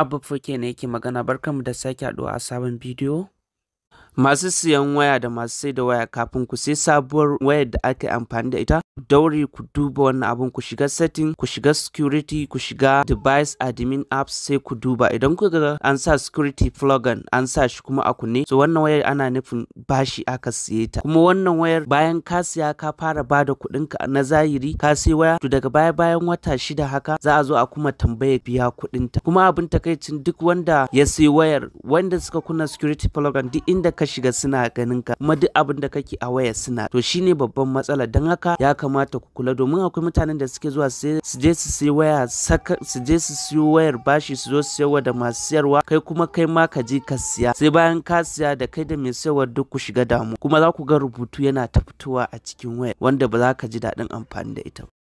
abubuwa ke ne yake magana barkanmu da sake haduwa a sabon bidiyo. Masu siyan waya da masu sai da waya kafin ku sai sabuwar wayar da aka yi amfani da ita, daure ku duba wannan abun ku shiga setting, ku shiga security, ku shiga device admin apps sai ku duba. Idan kuka ga an sa security plugin an sa shi kuma a kunne, so wannan wayar ana nufin bashi aka siye ta. Kuma wannan wayar bayan ka siya ka fara ba da ka na zahiri ka sai waya, to daga baya bayan wata shida haka za a zo a kuma tambaya biya ta Kuma abin takaicin duk wanda ya sai wayar, wanda suka kunna security plugin duk inda ka ka shiga suna ganin ka kuma duk abin da kake a waya suna to shine babban matsala dan haka ya kamata ku kula domin akwai mutanen da suke zuwa su je su sayi waya su je su siyo wayar bashi su zo su sayarwa da masu sayarwa kai kuma kai ma ka je ka siya sai bayan ka siya da kai da mai sayarwa duk ku shiga damu kuma za ku ga rubutu yana ta fitowa a cikin waya wanda ba za ka ji daɗin amfani da ita ba